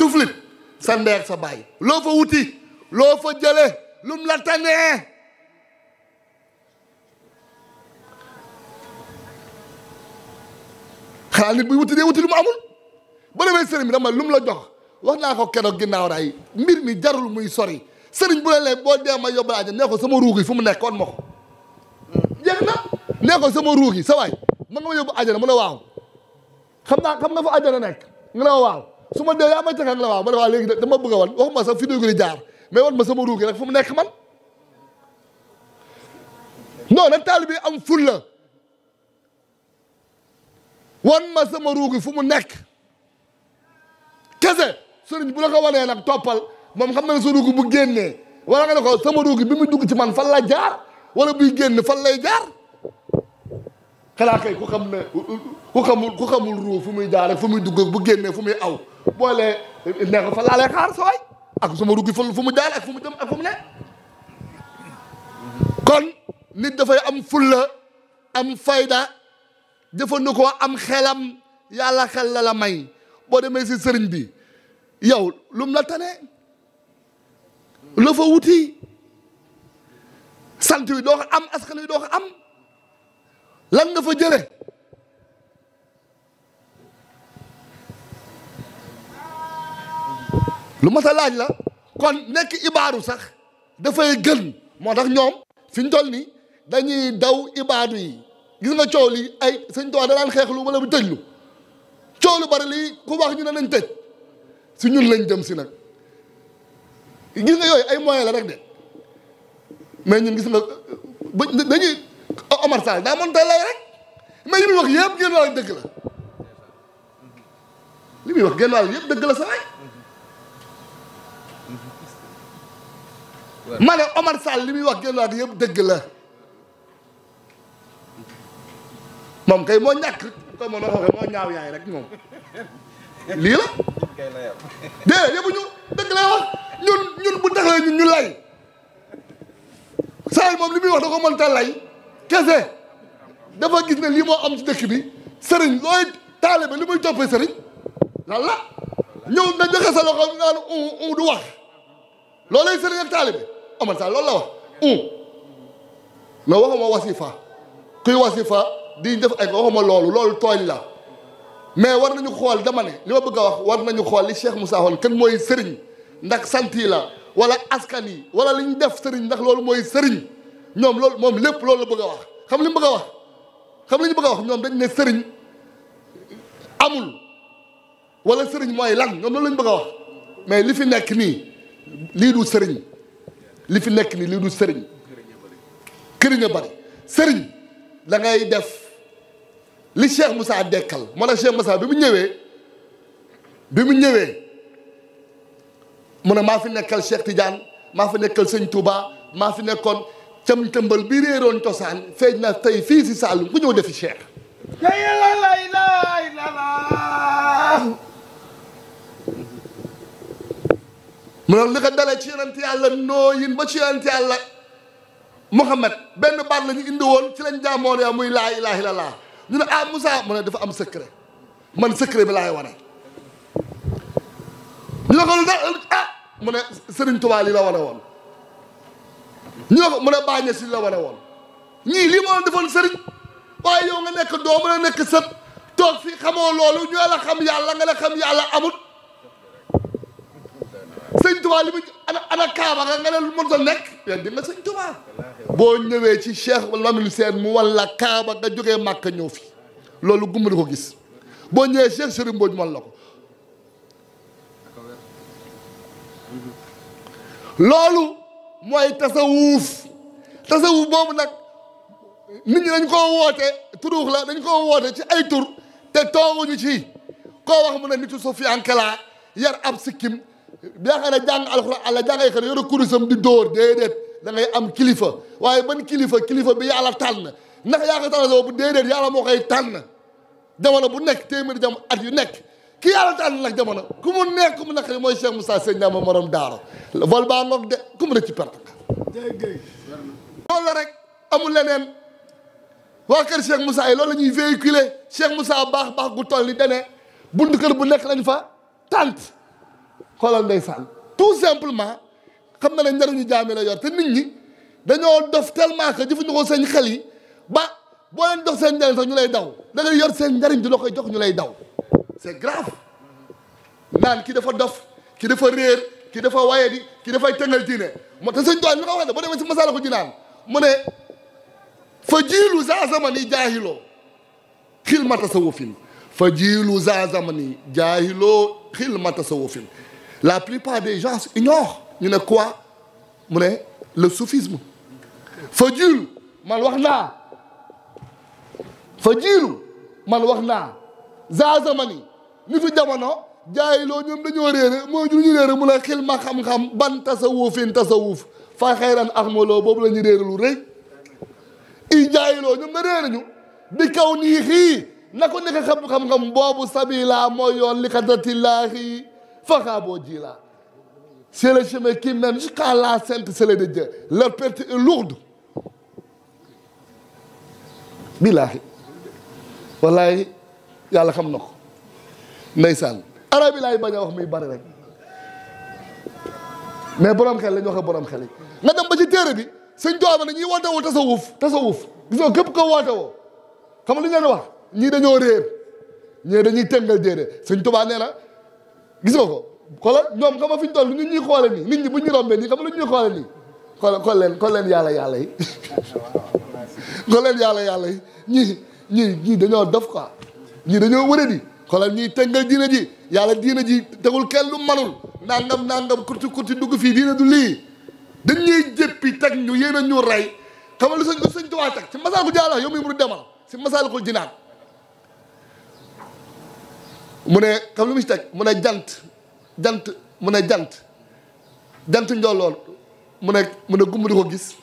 [SPEAKER 1] tuflit sa ndeer sa bàyyi loo fa wuti loo fa jële lum la tanee xanaa nit buy wuti dee wuti lu mu amul ba demee sëriñ bi dama lum la jox wax naa ko keroog ginnaaw raay mbir mi jarul muy sori sëriñ bu la boo dee ma yóbbu laa ne ko sama ruugi fu mu nekkoon ma ko jeex na nee ko sama ruugi sa waay man nga ma yóbbu àjjana mu ne waaw xam naa xam nga fa àjjana nekk nga ne waaw su ma dee yaa may tegal la waaw ma ne waa léegi dama bëgg a wan waxuma sax fi dugg di jaar mais wan ma sama ruugi rek fu mu nekk man non nag taalibe bi am ful la wan ma sama ruugi fu mu nekk kese sëriñ bu la ko wanee nag toppal moom xam na ne sa ruugi bu génnee wala nga ne ko sama ruugi bi mu dugg ci man fan la jaar wala buy génn fan lay jaar xanaa kay ku xam ne ku xamul ku xamul ruu fu muy jaar rek fu muy dugg bu génnee fu muy aw بوله نعرف الله عليك عارفواي أقسم مروق في فم أنا فم دم فم لا كن نيت أم فلة أم فايدة دفع نكوا أم خلام يا الله خلال الله ماي بود ميسي سرندي ياو لوم لا تاني لو فوتي سانتي دوخ أم lu ma laaj la kon nekk ibaaru sax dafay gën moo tax ñoom fi ñu toll nii dañuy daw ibaadu yi gis nga coow li ay sëñ Tuubaa daa daan lu wala bu tëjlu coow lu bari lii ku wax ñu ne nañ tëj si ñun lañ jëm si nag gis nga yooyu ay moyen la rek de mais ñun gis nga ba dañuy Omar Sall daa mën tey lay rek mais li muy wax yëpp génn wàll dëgg la li wax génn wàll yëpp dëgg la sa ma ne Omar Sall li muy wax génn waat yëpp dëgg la moom kay moo ñàkk ko mën moo ñaaw yaay lii la déedéet yëpp ñu dëgg lay wax ñun ñun bu taxawee ñun ñu lay saa moom li muy wax da ko mënta lay kese dafa gis ne lii moo am ci dëkk bi sëriñ looy taalibe li muy toppee sëriñ lan ñëw na joxe sa loxo naan u du wax loolay sëriñ ak taalibe Omar Sall loolu la wax un mais waxuma wasifa kuy wasifa di def ay waxuma loolu loolu tooñ la mais war nañu xool dama ne li ma bëgg a wax war nañu xool li Cheikh Moussa waxoon kan mooy sëriñ ndax sant yi la wala askan yi wala li def sëriñ ndax loolu mooy sëriñ ñoom loolu moom lépp loolu bëgg a wax xam li mu bëgg a wax xam li ñu a wax ñoom dañ ne sëriñ amul wala sëriñ mooy lan ñoom loolu la bëgg a wax mais li fi nekk nii lii du sëriñ li fi nekk ni lii du sëriñ këriñ a bëri sëriñ dangay def li Cheikh musa dekkal moo la Cheikh Moussa bi mu ñëwee bi mu ñëwee mu ne maa fi nekkal Cheikh Tidiane maa fi nekkal sëñ Touba maa fi nekkoon cam tëmbal bi réeroon cosaan feeñ na tey fii si Saalum bu ñëw defi Cheikh mu ne li ko dalee ci yonent yàlla nooyin ba ci yonent yàlla Muhammad benn baat la ñu indi woon ci lañ jàmmoon yaa muy laa ilaaha illallaah ñu ne ah Moussa mu ne dafa am secret man secret bi laay wane. ñu ne ko lu ah mu ne Serigne Touba lii la wane woon ñu ne ko mu si la wane woon ñii lii moo defoon Serigne waaye yow nga nekk doo mën a nekk sët toog fii xamoo loolu ñu la xam yàlla nga la xam yàlla amut. sëñ Tuba li mu ana ana Kaaba nga nga ne lu mënta nekk weddi na sëñ Tuba boo ñëwee ci Cheikh Lamine Sène mu walla Kaaba nga jógee màkk ñëw fi loolu gumba di ko gis boo ñëwee Cheikh Serigne Mbodj man la ko loolu mooy tasawuuf tasawuuf boobu nag nit ñi dañ koo woote turuux la dañ koo woote ci ay tur te tooguñu ci koo wax mu ne nitu Sofianke laa yar ab sikkim bi nga xam ne jàng alxuraan àlla jàngay xëy yoru kurusam di dóor déedéet da ngay am kilifa waaye ban kilifa kilifa bi yàlla tànn ndax yaa ko tànn sa bu déedéet yàlla moo koy tànn jamono bu nekk téeméeri jam at yu nekk ki yàlla tànn nag jamono ku mu nekk ku mu naqari mooy Cheikh Moussa Sène Ndiamé morom daaro vol baa ngoog de ku mu ne ci perte nga loolu la rek amul leneen waa kër Cheikh Moussa yi loolu la ñuy véhiculer Cheikh Moussa baax baax gu toll ni dene bunt kër bu nekk lañ fa tànt xoolal ndeysaan tout simplement xam na ne njëriñu jaami la yor te nit ñi dañoo dof tellement que jëfandikoo seen xel yi ba boo leen dox seen njëriñ sax ñu lay daw da ngay yor seen njëriñ di la koy jox ñu lay daw c'est grave naan ki dafa dof ki dafa réer ki dafa waye di ki dafay tëngal diine moo tax sëñ doon ñu ko wax de boo demee si masala ko jinaan mu ne fa jiilu za zamani jaahiloo xilmata sa wofin fa jiilu za zamani jaahiloo xilmata sa wofin la plupart des gens ignorent ñu ne quoi mu le soufisme fa jiilu man wax naa fa jiilu man wax naa za zamani ni fi jamono jaayiloo ñoom dañoo réere mooy jur ñu réere mu ma xam-xam ban tasawuf fa xayran ahmaloo boobu la ñu réere i jaayiloo ñoom na réere ñu bi kaw nii nekk xam-xam-xam boobu sabila mooy yoon Fakabodjila. C'est le chemin qui mène jusqu'à la sent cellule de Dieu. Leur perte est lourde. Billahi. Wallahi, yàlla xam na ko. Ndeysaan. arab yi laay bañ a wax muy bari rek. mais borom xel la ñu waxee borom xel yi. nga dem ba ci téere bi sëñ Tuubaa ne ñuy wootewul tasawuf tasawuf gisoo képp ko woote woo xam nga li ñu wax ñii dañoo réer ñii dañuy tëngal jéere sëñ Tuubaa nee na. gisoo ko xoolal ñoom xam nga fi ñu tol toll nit ñuy xoole nii nit ñi bu ñu rombee nii xam nga lu ñuy xoole nii xool xool leen xool leen yàlla yàlla yi xool leen yàlla yàlla ñii ñii ñii dañoo dof quoi ñii dañoo wëradi xoolal ñii tëngal diina ji yàlla diina ji tegul kenn lu manul nangam nangam kurti kurti dugg fii diina du lii dañ ñuy jéppi teg ñu yéen a ñu rey xam nga lu sëñ lu sëñ Tuubaa teg ci masal ko jàlla yow mi mu si masal ko jinaan mu ne xam lu mu teg mu ne jant jant mu ne jant jant njolloon mu ne mu ne gumb di ko gis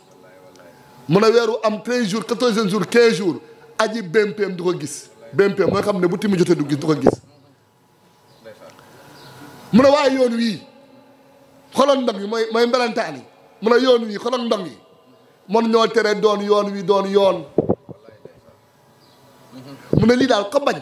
[SPEAKER 1] mu ne weeru am 13 jours 14 jours 15 jours aji BMPM du ko gis BMPM mooy xam ne bu timi jotee du du ko gis mu ne waaye yoon wii xoloon ndong yi mooy mooy mbelantaan yi mu ne yoon wii xoloon ndong yi man ñoo tere doon yoon wi doon yoon mu ne lii daal ko bañ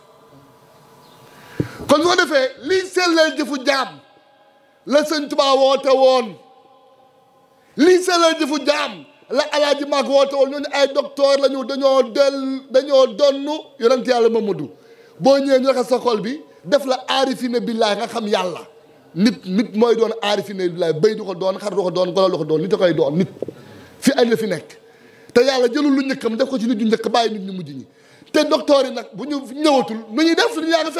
[SPEAKER 1] kon soo defee liy sellal jëfu jaam la sëñ Tuubaa woote woon liy sellal jëfu jaam la alaaji maag woote woon ñooñu ay docteur la ñu dañoo del dañoo donn yonent yàlla Mamadu boo ñëwee ñu raxas sa xol bi def la aarifine billaay nga xam yàlla nit nit mooy doon aarifine billaay béy du ko doon xar du ko doon golo du ko doon nit a koy doon nit fi ay la fi nekk te yàlla jëlul lu njëkkam def ko ci nit ñu njëkk bàyyi nit ñu mujj ñi te docteur yi nag bu ñu ñëwatul nu ñuy def suñu yaa ngi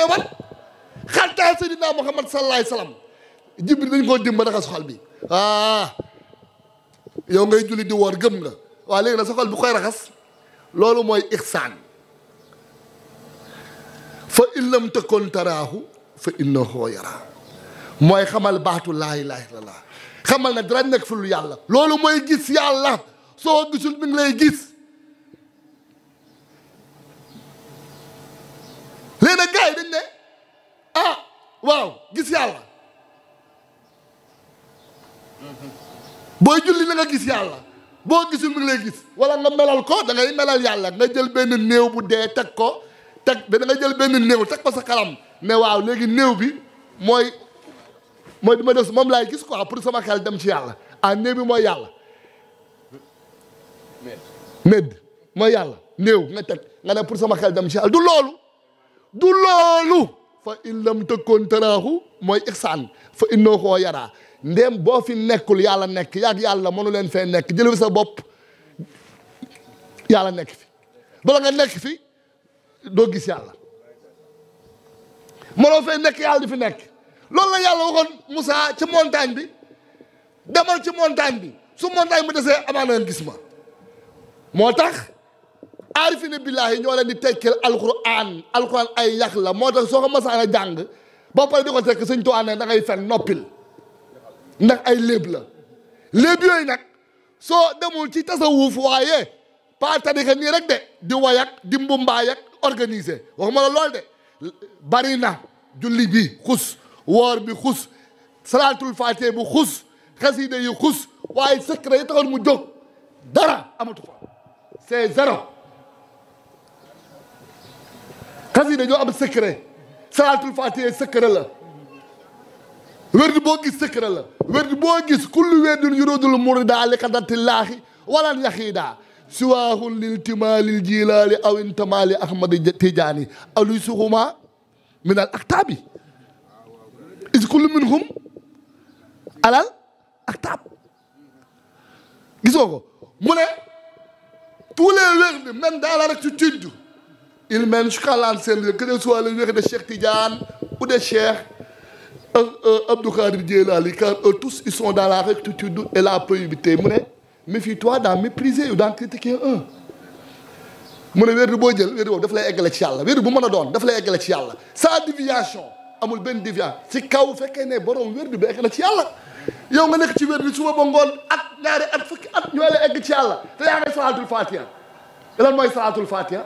[SPEAKER 1] xaltaal Seydina Muhammad sallallahu alayhi wa sallam jibril dañ koo dimba raxas xol bi ah yow ngay julli di woor gëm nga waaw léegi nag sa xol bi koy raxas loolu mooy ixsaan fa in lam takun taraahu fa innahu yaraa mooy xamal baatu laa ilaaha illallaah xamal na dara nekk fi lu yàlla loolu mooy gis yàlla soo gisul mi ngi lay gis léegi nag gars yi dañ ne ah waaw gis yàlla booy julli na nga gis yàlla boo gisul mi ngi lay gis wala nga melal ko da ngay melal yàlla nga jël benn néew bu dee teg ko teg da nga jël benn néew teg ko sa kanam ne waaw léegi néew bi mooy mooy dima def moom laay gis quoi pour sama xel dem ci yàlla ah néew bi mooy yàlla médd mooy yàlla néew nga teg nga ne pour sama xel dem ci yàlla du loolu du loolu fa in lam tëkkoon taraaxu mooy ixsaan fa innoo koo yaraa ndéem boo fi nekkul yàlla nekk yaag yàlla mënu leen fee nekk jël sa bopp yàlla nekk fi bala nga nekk fi doo gis yàlla mënoo fee nekk yàlla di fi nekk loolu la yàlla waxoon Moussa ci montagne bi demal ci montagne bi su montagne bi desee amaana gis ma moo tax عارفين بالله ان يولد تكل القران القران اي يخلى موتا سوغ مسا انا جانغ بابا ديكو تك سنتو انا دا غاي فن نوبل نا اي ليبل ليبيوي نك سو دمول تي تسوف واي با تاديك ني رك دي دي واياك دي مبمبا ياك اورغانيزي واخما لول دي بارينا جولي بي خوس وور بي خوس صلاه الفاتحه بو خوس قصيده يخص واي سكر يتغل مو جوك دارا اماتو فا سي زيرو xas yi dañoo am secret salaatul faatiha secret la werd boo gis secret la werd boo gis kullu werdin yuridul murida li qadatillahi walan yaxiida siwaahun liltimaalil jilaali aw intamaali ahmad tijaani alusuhuma min al aktaabi is kullu minhum alal aktaab gisoo ko mu ne tous les werdi même dans la rectitude il mène jusqu'à l'ancienne, que ce soit le de Cheikh Tidjane ou de Cheikh euh, euh, Abdou Khadir Djelali, car eux tous ils sont dans la rectitude et la probité. Méfie-toi d'en mépriser ou d'en critiquer un. mu ne wéeru boo jël wéeru boobu daf lay eggale ci yàlla wéeru bu mën a doon daf lay eggale ci yàlla sans déviation amul benn déviation ci kaw fekkee ne borom wéeru bi eggale ci yàlla yow nga nek ci wéeru bi suba ba ngoon ñaari at fukki at ñoy lay egg ci yàlla te yaa ngay salaatul fatiha lan moy salaatul fatiha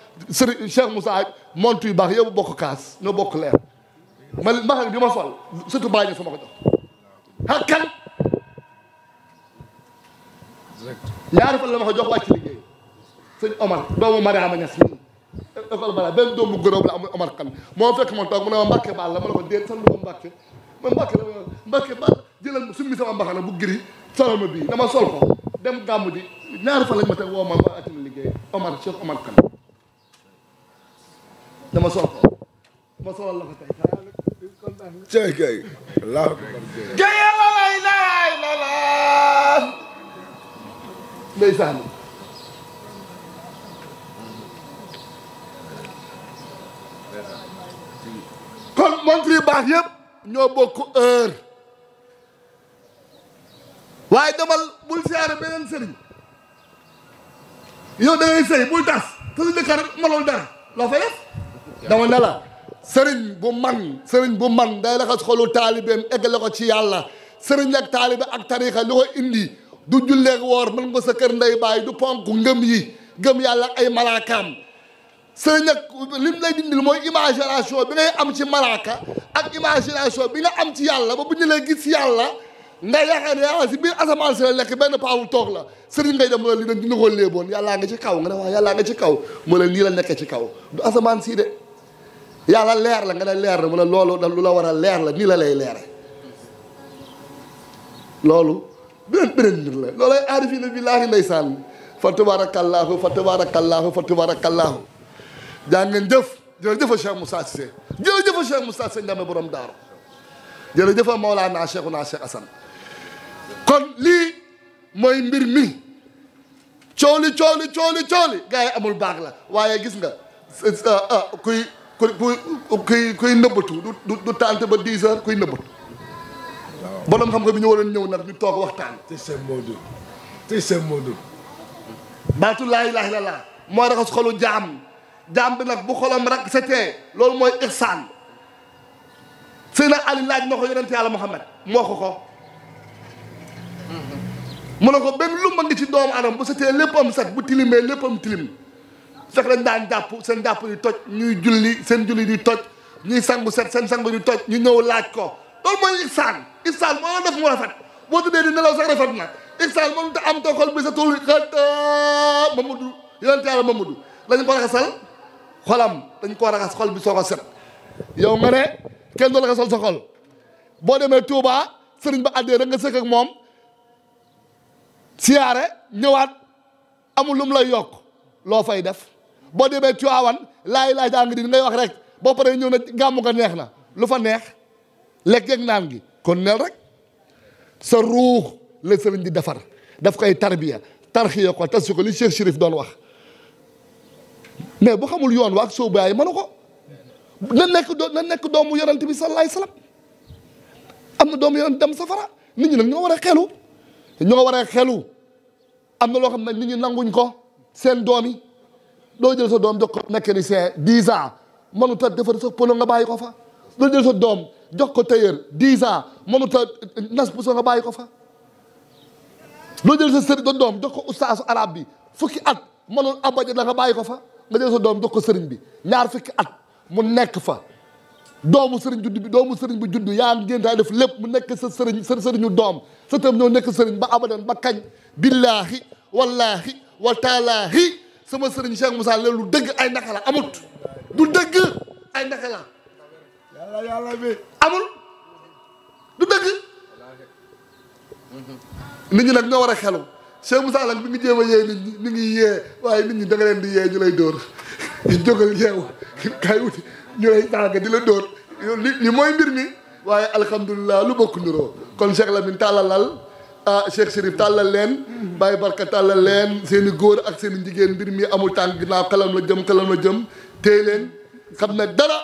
[SPEAKER 1] sëriñ Cheikh Moussa montu yu baax yow bokk kaas ñoo bokk leer man mbaxal bi ma sol surtout bàyyi ñu sama ko jox ak kan ñaari fan la ma ko jox wàcc liggéey sëñ Omar doomu Mariama Ñas mi école bala benn doomu góróob la amul Omar kan moo fekk ma toog mu ne ma Mbàkke baal la ma ne ko déet sandu ma Mbàkke ma Mbàkke la Mbàkke baal jëlal summi sama mbaxana bu giri solal ma bii dama sol ko dem gàmmu ji ñaari fan lañ ma teg woo ma ma acc liggéey Omar Cheikh Omar kan dama sol ko ma solal la ko tey cey kay laa gaye la lay laay la la ndeysaan kon montre yu baax yëpp ñoo bokk heure waaye demal bul siyaare beneen sëriñ yow da ngay sëy bul tas te su dëkkar malul dara loo fa def dama ne la sëriñ bu man sëriñ bu man day raxas xolu taalibeem eggale ko ci yàlla sëriñ ak taalibe ak tarika li ko indi du julleeg woor mën nga sa kër ndey bàyyi du ponk ngëm yi gëm yàlla ay malaakaam sëriñ ak lim lay dindil mooy imagination bi ngay am ci malaaka ak imagination bi nga am ci yàlla ba bu ñu lay gis yàlla nga yaakaar ne yàlla si biir asamaan si la nekk benn paawu la sëriñ ngay dem loolu li nag dina yàllaa nga ci kaw nga ne waaw yàllaa nga ci kaw mu ne nii la nekkee ci kaw du asamaan sii de yàlla leer la nga ne leer na mu ne loolu da lu la war a leer la nii la lay leere loolu beneen beneen mbir la loolay aarifina billaahi ndeysaan fa tabaarakallaahu fa tabaarakallaahu fa tabaarakallaahu jaa ngeen jëf jërëjëf Cheikh Moussa Cissé jërëjëf Cheikh Moussa Cissé Ndiamé borom daaru jërëjëf Mawlana Cheikhuna Cheikh Assane kon lii mooy mbir mi cooli cooli cooli cooli gars yi amul baax la waaye gis nga kuy ku kuy kuy nëbbatu du du tànte ba 10 heures kuy nëbbatu. waaw borom xam-xam bi ñu waroon ñëw nag ñu toog waxtaan. te seen Moodu moo seen Moodu. laa ilaaha illallaah mooy raxas xolu jaam jaam bi nag bu xolam rek setee loolu mooy ihsaan sëy na Ali laaj na ko yonent yàlla Muhammad moo ko ko. Mm-hmm. mu ne ko benn ma ngi ci doomu aadama bu setee léppam set bu tilimee léppam tilim. sax lañ daan jàpp seen jàpp di toj ñuy julli seen julli di toj ñuy sangu set seen sangu di toj ñu ñëw laaj ko loolu mooy ihsaan ihsaan moo la def mu rafet boo tëddee di nelaw sax rafet na ihsaan moom te am tookol bi sa tool xat eh, Mamadou yonent Yàlla Mamadou lañ ko raxasal xolam dañ ko raxas xol bi soo ko set yow nga ne kenn doo raxasal sa xol boo demee Touba sëriñ ba àddee rek nga sëkk ak moom siyaare ñëwaat amul lu la yokk loo fay def boo demee Tiwaawan laay laay jàng di ngay wax rek boo paree ñëw na gàmmu ko neex na lu fa neex lekk ak naan gi kon nel rek sa ruux la sëriñ di defar daf koy tarbiya tarxiya ko tas ko li Cheikh Chérif doon wax mais bu xamul yoon waa ak soo bàyyi mënu ko na nekk doo na nekk doomu yonent bi sallallahu alayhi wasallam am na doomu yonent dem safara nit ñi nag ñoo war a xelu ñoo war xelu am na loo xam ne nit ñi nanguñ ko seen doom yi doo jël sa doom jox ko mécanicien dix ans mënut a defar sa pono nga bàyyi ko fa doo jël sa doom jox ko tailleur dix ans mënut a nas puso nga bàyyi ko fa doo jël sa sëriñ sa doom jox ko ustaasu arab bi fukki at mënul abaja la nga bàyyi ko fa nga jël sa doom jox ko sëriñ bi ñaar fukki at mu nekk fa doomu sëriñ judd bi doomu sëriñ bu judd yaa ngeen daa def lépp mu nekk sa sëriñ sa sëriñu doom sa tam ñoo nekk sëriñ ba abadan ba kañ billaahi wallaahi wa taalaahi sama sëriñ Cheikh Moussa Lô lu dëgg ay naka amut du dëgg ay naka la yàlla yàlla amul du dëgg nit ñu la ñoo war a xelu Cheikh Moussa Lô nu ngi jéem a yee nit ñi ñu yee waaye nit ñu da leen di yee ñu lay dóor ñu jógal yeewu kay wuti ñu lay tàgg di la dóor li li mooy mbir mi waaye alhamdulilah lu bokk niroo kon Cheikh Lamine tàllalal ah Cheikh Chérif tàllal leen Baye Barka tàllal leen seen i góor ak seen i jigéen mbir mi amul tànk ginnaaw kalam la jëm kalam la jëm téye leen xam ne dara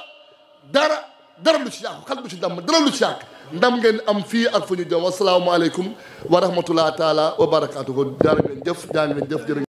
[SPEAKER 1] dara dara lu ci yàqu xel bu ci damm dara lu ci yàq ndam ngeen am fii ak fu ñu jëm wasalaamaaleykum wa rahmatullah taala wa barakaatu ko jaa ngeen jëf jaa ngeen jëf jërë